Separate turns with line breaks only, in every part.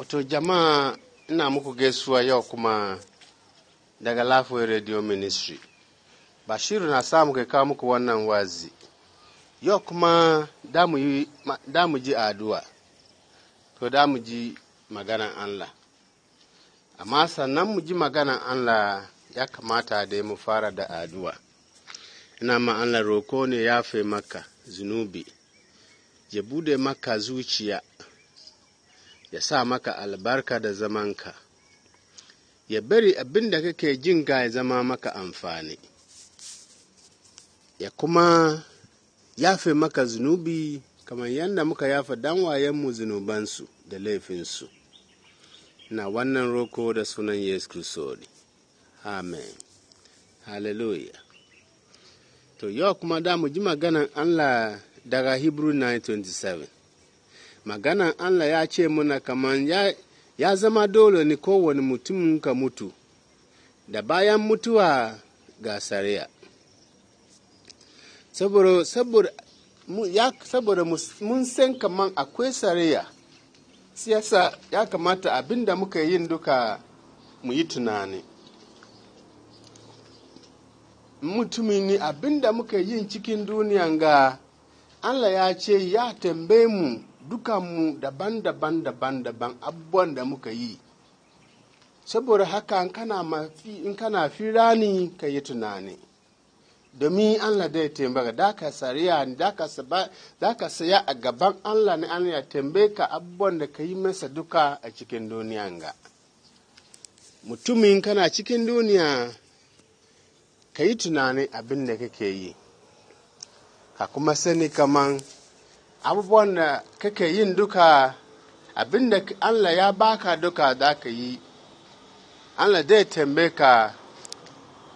Wato jama'a ina muku gaisuwa yau kuma daga Lafiyar Radio Ministry. Bashiru na samu kai kawo muku wannan wazi. Yau kuma da mu ji addu'a, to da mu ji maganan Allah. Amma sannan mu ji maganan Allah ya kamata dai mu fara da addu'a. Ina ma Allah roko ne ya fe maka zunubi, ya bude maka zuciya ya sa maka albarka da zamanka, ya bari abin da kake jin ga ya zama maka amfani, ya kuma yafe maka zunubi kamar yadda muka yafa danwayenmu zunubansu da laifinsu. Na wannan roko da sunan Yesu Kristo Amen. Hallelujah. To, yau kuma da mu ji maganan Allah daga Hebrew 9:27. maganan Allah ya ce muna kaman ya, ya zama dole ne kowane mutum ka mutu, da bayan mutuwa ga sariya. Saboda, mun san kaman akwai sariya, siyasa ya kamata abin da muka yin duka mu yi tunani. Mutumin ne abin da muka yin cikin duniyan ga Allah ya ce ya tambaye mu dukanmu daban-daban daban-daban abubuwan da muka yi saboda haka in kana fira ni ka yi tunani domin allah da ya taimaka da ka sariya da ka saya a gaban allah ne an ya tambaye ka abubuwan da ka yi masa duka a cikin duniya ga mutumin kana cikin duniya ka yi tunani abin da kake yi ka kuma sani kaman abubuwan da kake yin duka abin da Allah ya baka duka za ka yi Allah zai tambe ka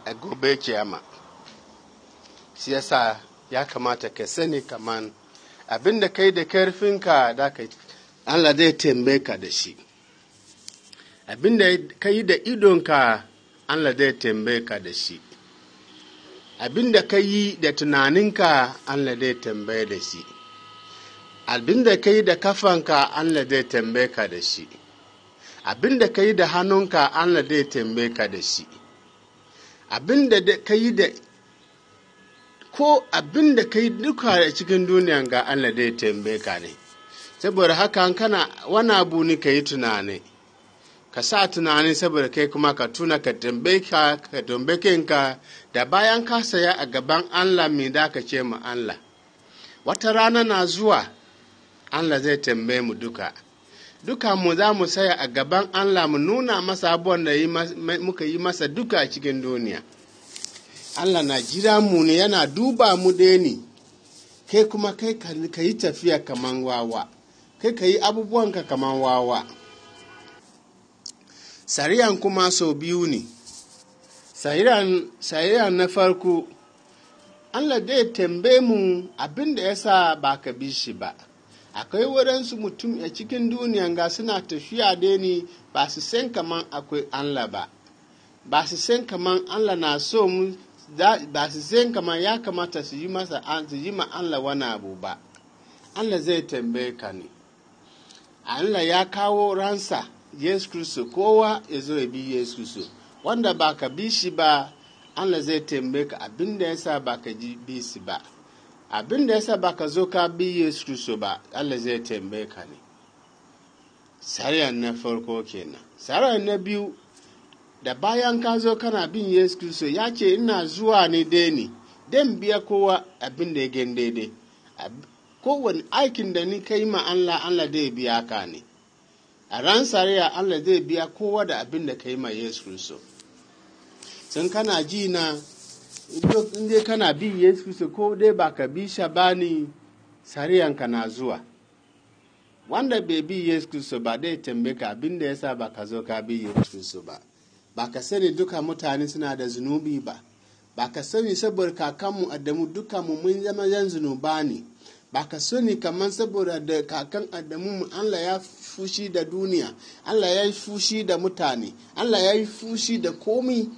a gobe kiyama shi yasa ya kamata ka sani kaman abin da kai da karfinka da ka Allah zai tambe ka da shi abin da ka yi da idonka Allah zai tambe ka da shi abin da ka yi da tunaninka Allah zai tambaye da shi abin da ka yi da kafanka Allah zai tambaye ka da shi abin da ka yi da hannunka Allah zai tambaye ka da shi abin da ka yi da ko abin da ka yi duka a cikin duniyan ga Allah zai tambaye ka ne saboda haka kana wani abu ne ka yi tunani ka sa tunani saboda kai kuma ka tuna ka tambaye ka ka da bayan ka saya a gaban Allah me da ka ce ma Allah wata rana na zuwa Allah zai tambaye mu duka duka mu za mu saya a gaban Allah mu nuna masa abubuwan da muka yi masa duka a cikin duniya Allah na jira mu ne yana duba mu ne kai kuma kai ka yi tafiya kaman wawa kai ka yi abubuwanka kaman wawa sariyan kuma sau biyu ne sariyan na farko Allah zai tambaye mu abin da ya sa ba ka bi shi ba akwai waɗansu mutum a cikin duniyan ga suna tafiya da ni ba su san kaman akwai Allah ba ba su san kaman Allah na so mu ba su san kaman ya kamata su yi masa su yi ma Allah wani abu ba Allah zai tambaye ka ne Allah ya kawo ransa Yesu Kristo kowa ya zo ya bi Yesu Kristo wanda ba ka bi shi ba Allah zai tambaye ka abin da ya sa ba ka bi shi ba abin da yasa ba ka zo ka bi yesu kristo ba allah zai tambaye ka ne sarayan na farko kenan sarayan na biyu da bayan ka zo kana bin yesu kristo ya ce ina zuwa ne dai ne dan biya kowa abin da ya gan daidai kowane aikin da ni kai ma allah allah zai biya ka ne a ran sariya allah zai biya kowa da abin da yi ma yesu kristo sun kana ji na duk inda kana bi yesu kristo ko dai ba ka bi shi ba ni sariyanka na zuwa wanda bai bi yesu kristo ba dai tambe ka abin da yasa ba ka zo ka bi yesu kristo ba ba ka sani duka mutane suna da zunubi ba ba ka sani saboda kakanmu adamu duka mu mun zama yan zunuba ne ba ka sani kamar saboda da kakan adamu mu Allah ya fushi da duniya Allah ya fushi da mutane Allah ya fushi da komi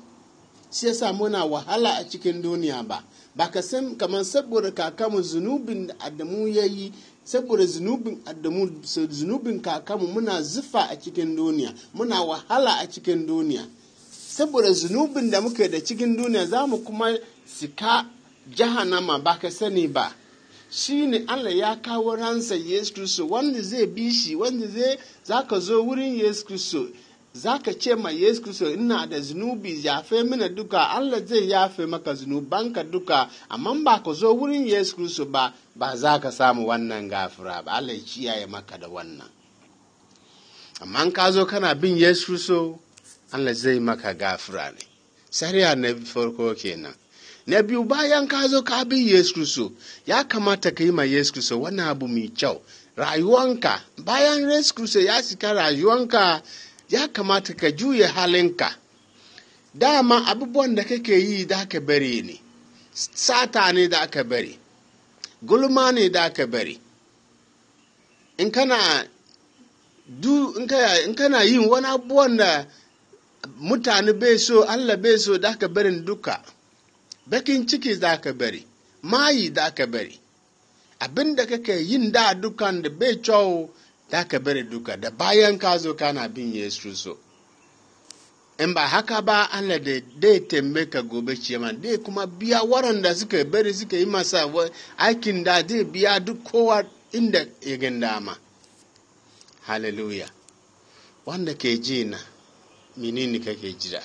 shi yasa muna wahala a cikin duniya ba ba ka san kamar saboda kakamu zunubin da adamu ya yi saboda zunubin adamu zunubin kakamu muna zufa a cikin duniya muna wahala a cikin duniya saboda zunubin da muka da cikin duniya za mu kuma sika jahannama ba ka sani ba shi ne Allah ya kawo ransa Yesu Kristo wanda zai bi shi wanda zai za ka zo wurin Yesu Kristo za ka ce ma Yesu Kristo ina da zunubi yafe mana duka Allah zai yafe maka zunubanka duka amma ba ka zo wurin Yesu Kristo ba ba za ka samu wannan gafira ba Allah ya kiyaye maka da wannan amma ka zo kana bin Yesu Kristo Allah zai maka gafira ne sariya na farko kenan na biyu bayan ka zo ka bin Yesu Kristo ya kamata ka yi ma Yesu Kristo wani abu mai kyau rayuwanka bayan Yesu Kristo ya cika rayuwanka ya kamata ka juya halinka dama abubuwan da kake yi da aka bari ne sata ne da aka bari gulma ne da aka bari in kana yi wani abubuwan da mutane bai so allah bai so da aka bari duka bakin ciki za aka bari mayi da aka bari abin da kake yin da dukan da bai cewa da ka bari duka da bayan ka zo kana bin yesu so in ba haka ba allah da dai tambe ka gobe ciyama dai kuma biya waɗanda suka bari suka yi masa aikin da zai biya duk kowa inda ya dama hallelujah wanda ke ji na menene ka jira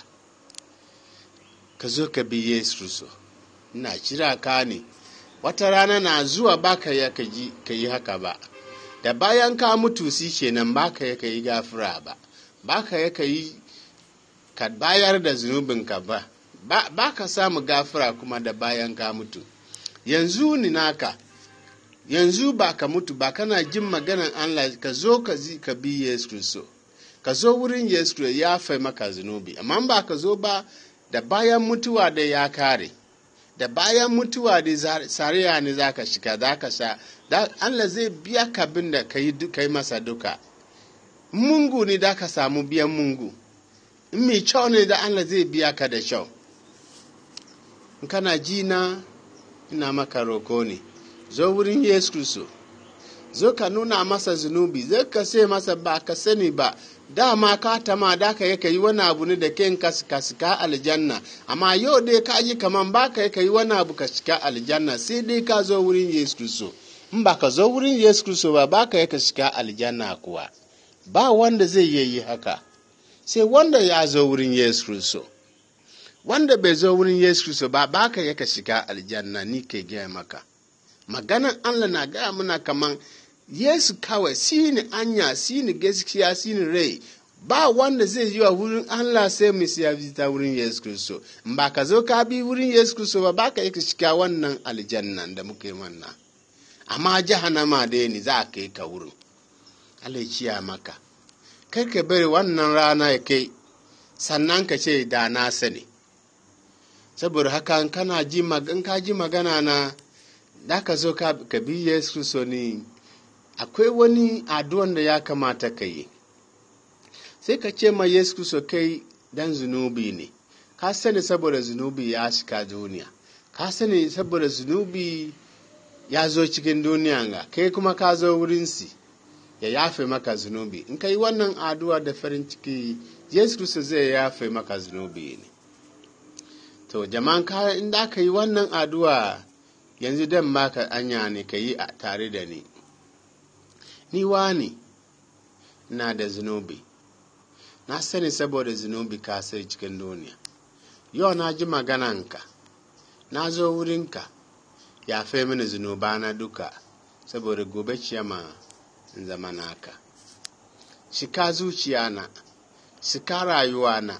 ka zo ka bi yesu so na jira ka ne wata rana na zuwa ba ka yi haka ba da bayan ka mutu shi kenan ba ka yaka yi gafura ba ba ka yaka yi ka bayar da zunubinka ba ba ka samu gafura kuma da bayan ka mutu yanzu ni naka yanzu ba ka mutu ba kana jin maganan Allah ka zo ka zi ka bi Yesu Kristo ka zo wurin Yesu ya fai maka zunubi amma ba ka zo ba da bayan mutuwa da ya kare da bayan mutuwa da sariya ne za ka shiga za ka sha Allah zai biya ka bin da ka yi masa duka mungu ne da ka samu biyan mungu mai kyau ne da Allah zai biya ka da kyau in kana ji na ina maka roko ne zo wurin yesu so. zo ka nuna masa zunubi zai ka sai masa ba ka sani ba dama ka tama da ka yi ka yi wani abu ne da ken ka shiga aljanna amma yau dai ka yi kaman ba ka yi ka yi wani abu ka shiga aljanna sai dai ka zo wurin yesu kristo in ba ka zo wurin yesu kristo ba ba ka yi ka shiga aljanna kuwa ba wanda zai iya yi haka sai wanda ya zo wurin yesu kristo wanda bai zo wurin yesu kristo ba ba ka yi ka shiga aljanna ni ke gaya maka maganan allah na gaya muna kaman Yesu kawai shi ne anya, shi ne gaskiya, shi ne rai. Ba wanda zai yi wa wurin Allah sai mu siya ta wurin Yesu Kristo. In ba ka zo ka bi wurin Yesu Kristo ba, ba ka yi shiga wannan aljanna da muke manna. Amma jahannama dai ne za ka yi ka wurin. Allah ya maka. Kar ka bari wannan rana ya kai, sannan ka ce da na sani. Saboda haka kana ji ka ji magana na, da ka zo ka bi Yesu Kristo ne. akwai wani addu'an da ya kamata ka yi sai ka ce ma yesu kristo kai dan zunubi ne ka sani saboda zunubi ya shiga duniya ka sani saboda zunubi ya zo cikin duniya ga kai kuma ka zo wurinsi ya yafe maka zunubi in ka yi wannan addu'a da farin ciki yesu kristo zai yafe maka zunubi ne to jama'an ka in ka yi wannan addu'a yanzu dan maka anya ne ka yi tare da ni ni wani na da zunubi na sani saboda zunubi ka sai cikin duniya yau na ji magananka na zo wurinka ya fe mini na duka saboda gobe ciyama zama naka shika zuciya na shika rayuwa na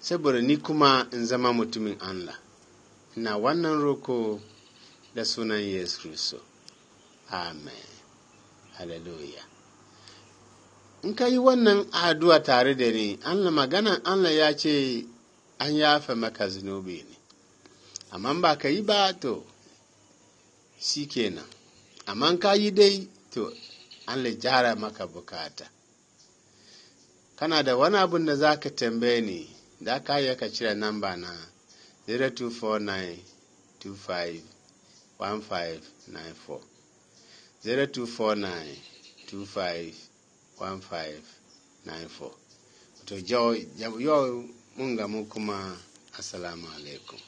saboda ni kuma in zama mutumin Allah na wannan roko da sunan Yesu Kristo. Amen. haleluya in ka yi wannan addu'a tare da ni allah magana allah ya ce an yafe maka zunubi ne amma ba ka yi ba to shi kenan amma ka yi dai to allah jara maka bukata kana da wani abin da za ka tambaye ni da ka yi ka cire namba na 0249 0249 251594 to yau mun gamu mukuma assalamu alaikum